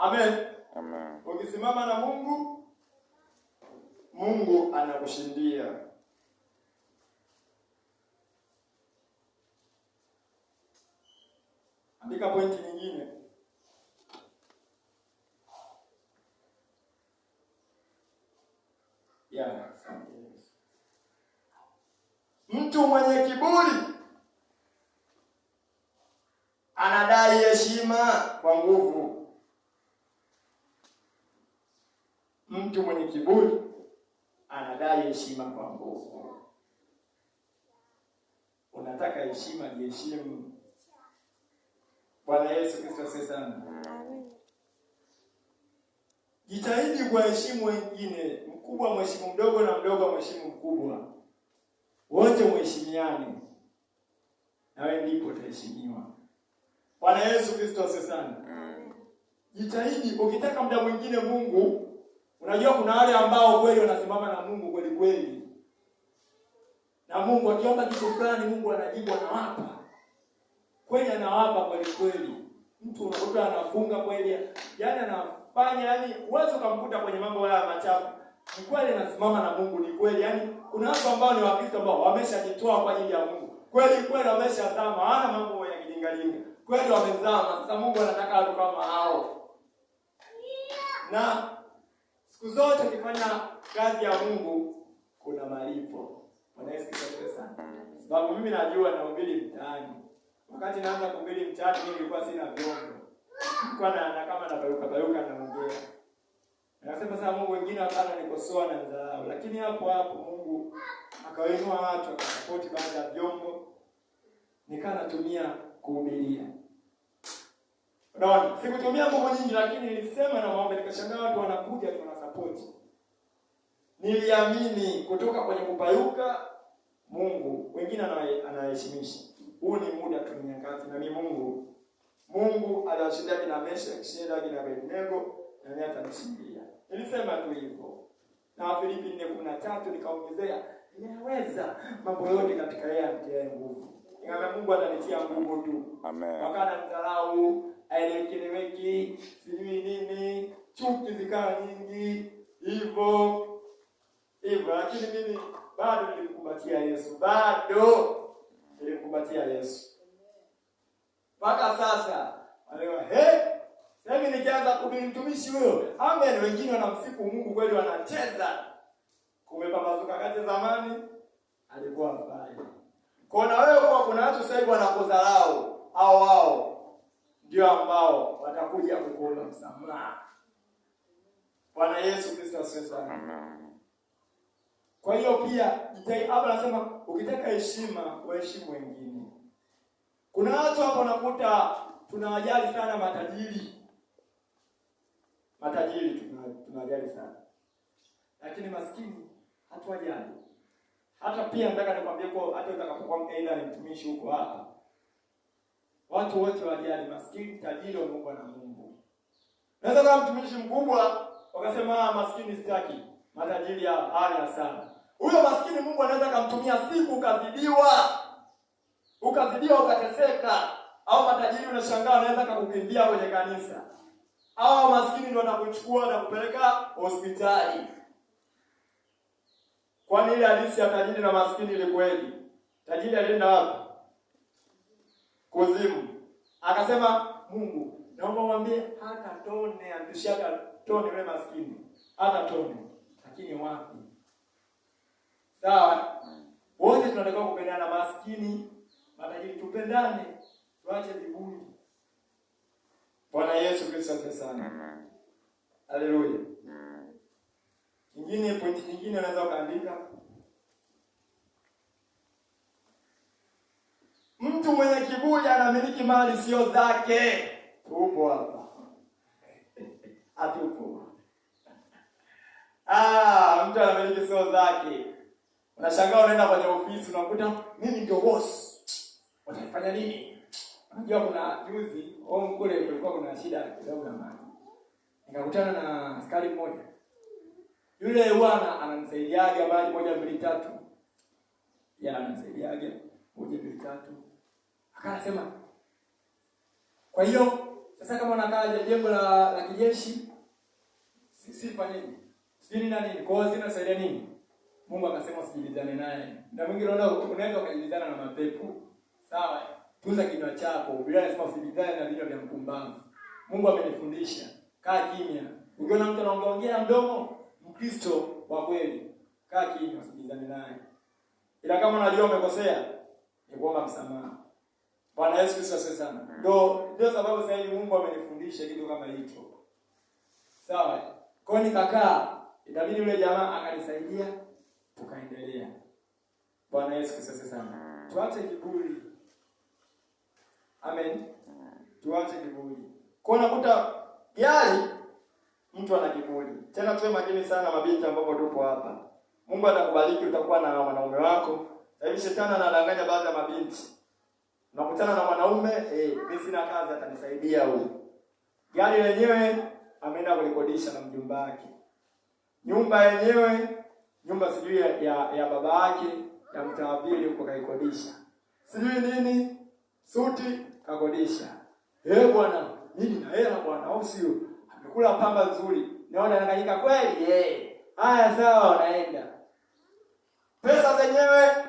Amen. Amen. Ukisimama na Mungu, Mungu anakushindia. Andika pointi nyingine. Yeah. Mtu mwenye kiburi anadai heshima kwa nguvu. Mtu mwenye kiburi anadai heshima kwa nguvu. Unataka heshima, jiheshimu. Bwana Yesu Kristo asifiwe sana. Jitahidi kuwaheshimu wengine, mkubwa mheshimu mdogo na mdogo mheshimu mkubwa, wote mheshimiane, nawe ndipo utaheshimiwa. Bwana Yesu Kristo asifiwe sana. Jitahidi ukitaka muda mwingine Mungu Unajua kuna wale ambao kweli wanasimama na Mungu kweli kweli, na Mungu akiomba kitu fulani, Mungu anajibu, anawapa kweli, anawapa kweli kweli. Mtu unakuta anafunga kweli, yani anafanya, yani uwezi ukamkuta kwenye mambo haya machafu. Ni kweli anasimama na Mungu, ni kweli. Yani kuna watu ambao ni Wakristo ambao wameshajitoa kwa ajili ya Mungu kweli kweli, wameshazama, hana mambo ya kijingalinga kweli, wamezama. Sasa Mungu anataka watu kama hao na Siku zote ukifanya kazi ya Mungu kuna malipo. Bwana Yesu asifiwe sana. Sababu mimi najua nahubiri mtaani. Wakati naanza kuhubiri mtaani mimi nilikuwa sina vyombo. Nilikuwa na, na kama na baruka na naongea. Nasema sasa Mungu wengine wakana nikosoa na nidharau, lakini hapo hapo Mungu akawainua watu akasapoti baadhi ya vyombo. Nikaa natumia kuhubiria. Unaona? Sikutumia nguvu nyingi lakini nilisema na maombi nikashangaa watu wanakuja tuna support. Niliamini kutoka kwenye kupayuka Mungu wengine anaheshimisha. Huu ni muda tu nyakati na ni Mungu. Mungu aliwashinda kina mesha, kishinda kina Abednego na yeye atanishindia. Nilisema tu hivyo. Na Filipi 4:13 nikaongezea, ninaweza mambo yote katika yeye anitia nguvu. Ingawa Mungu atanitia nguvu tu. Amen. Wakana nitarau haieleweki, sijui nini, chuki zikawa nyingi hivyo hivyo, lakini mimi bado nilimkumbatia Yesu, bado nilimkumbatia Yesu mpaka sasa. Alewa he, sasa hivi nikianza kuhubiri mtumishi huyo, amen, wengine wanamsifu Mungu kweli, wanacheza kumepambazuka kati. Zamani alikuwa mbaya kwa wewe, kwa kuna watu sasa wanakudharau au wao ndio ambao watakuja kukula msamaha. Bwana Yesu Kristo asifiwe sana. Kwa hiyo pia jitahidi, hapa anasema ukitaka heshima waheshimu wengine. Kuna watu hapo wanakuta tunawajali sana matajiri, matajiri tunawajali sana, lakini maskini hatuwajali. Hata pia nataka nikwambie kwa hata utakapokuwa aidha ni mtumishi huko hapa Watu wote wajali, maskini tajiri wameumbwa na Mungu. Naweza kama mtumishi mkubwa wakasema ah, maskini sitaki, matajiri ya hali sana. Huyo maskini Mungu anaweza akamtumia siku ukazidiwa, ukazidiwa ukateseka, au matajiri unashangaa anaweza akakukimbia kwenye kanisa, au maskini ndio anakuchukua na kupeleka hospitali. Kwani ile hadithi ya tajiri na maskini ile kweli? Tajiri alienda wapi? kuzimu. Akasema Mungu, naomba mwambie hata tone atushaka tone yule maskini, hata tone. Lakini wapi? Sawa, wote tunatakiwa kupendana, maskini, matajiri, tupendane, tuache viburi. Bwana Yesu Kristo asante sana. Haleluya. Nyingine, pointi nyingine unaweza ukaandika alikuja anamiliki mali sio zake. Upo hapa atupo? Ah, mtu anamiliki sio zake. Unashangaa, unaenda kwenye ofisi unakuta mimi ndio boss, watafanya nini? Unajua, kuna juzi au kule kulikuwa kuna shida kidogo na mali, nikakutana na askari mmoja yule bwana ananisaidiaga mali moja mbili tatu, yeye ananisaidiaga moja mbili tatu Akasema kwa hiyo sasa, kama unakaja jengo la la kijeshi sifa nini sijini na nini kwao sina saidia nini. Mungu akasema usijibizane naye, na mwingine unaona unaweza ukajibizana na mapepo sawa. tuza kinywa chako. bila inasema usijibizane na vile vya mpumbavu. Mungu amenifundisha kaa kimya. Ukiona mtu anaongea mdomo, Mkristo wa kweli, kaa kimya, usijibizane naye, ila kama unajua umekosea, ni kuomba msamaha. Bwana Yesu Kristo asifiwe sana. Ndio ndio sababu sasa hivi Mungu amenifundisha kitu kama hicho. Sawa. Kwa hiyo nikakaa, ikabidi yule jamaa akanisaidia tukaendelea. Bwana Yesu Kristo asifiwe sana. Tuache kiburi. Amen. Tuache kiburi. Kwa hiyo unakuta gari mtu ana kiburi. Tena tuwe makini sana mabinti ambapo tupo hapa. Mungu atakubariki utakuwa na wanaume wako. Sasa hivi shetani anadanganya baadhi ya mabinti unakutana na mwanaume eh, mimi sina kazi, atanisaidia huyu. Gari lenyewe ameenda kulikodisha na mjomba wake, nyumba yenyewe nyumba sijui ya, ya, ya baba yake ya mtaa pili huko kaikodisha, sijui nini, suti kakodisha. Eh bwana, nini na hela bwana, au sio? Amekula pamba nzuri, naona ananganyika kweli. Eh, haya sawa, naenda pesa zenyewe